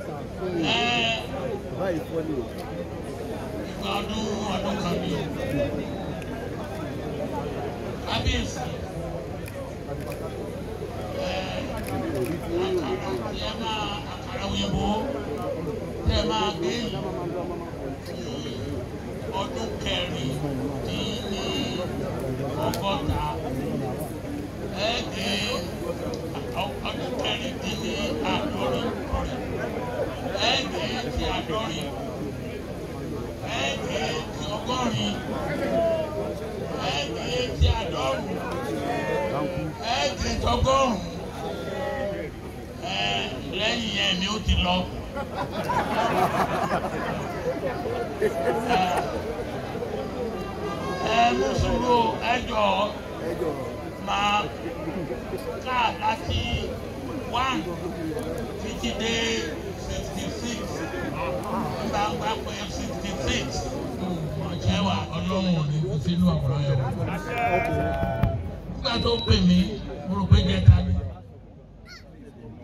ọdún ọdún kan ní kábíyèsí àkàrà òyìnbó tẹ máa gbé ọdún kẹrin dín ní ọgọ́ta. àádọ́rin ẹ̀ẹ́dì èjì ọgọ́rin ẹ̀ẹ́dì èjì lẹ́yìn ti lọ. ọ̀pọ̀ ẹ̀ sixty six ọ̀jẹ́ wa ọlọ́run ò ní sínú àwòrán yẹn wò. nígbà tó pè mí mo rò pé jẹta ni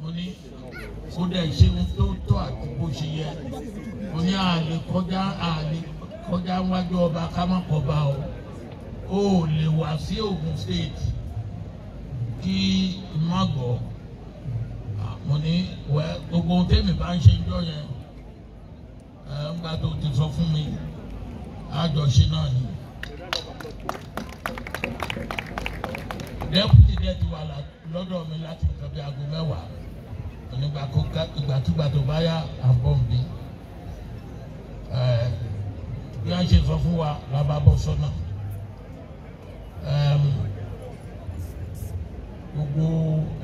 mo ní kó dẹ̀ ṣe ohun tó tọ́ àti bó ṣe yẹ mo ní àlè kọjá àlè kọjá wájú ọba ká má kọba o ó lè wá sí Ògùn state kí n gbogbo tẹ́mi bá ń ṣe ń jọ yẹn nígbà tó ti sọ fún mi àjọṣe náà ni. dẹ́pútì dẹ́ ti wà lọ́dọ̀ mi láti nǹkan bí aago mẹ́wàá onígbàkúgbà tó bá yá àbọ̀m̀bí bí wọ́n ṣe sọ fún wa la bá bọ́ sọ́nà. gbogbo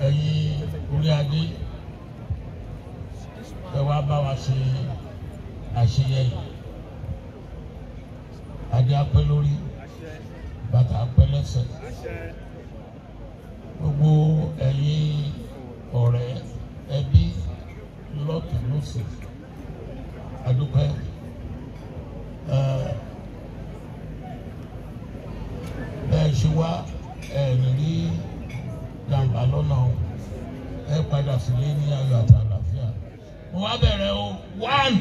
ẹ̀yin orí adé ẹ wá bá wa ṣe àṣeyẹyìn adé apẹ́ lórí bàtà apẹ́ lẹ́sẹ̀ gbogbo ẹ̀yin ọ̀rẹ́ ẹbí lọ́tún lọ́sì adúpẹ́ bẹ́ẹ̀ ṣe wá ẹ̀rìn rí jàǹbá lọ́nà ẹ padà sílé ní ayọ̀ àti àlàáfíà wọ́n á bẹ̀rẹ̀ o one.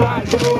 Let's go.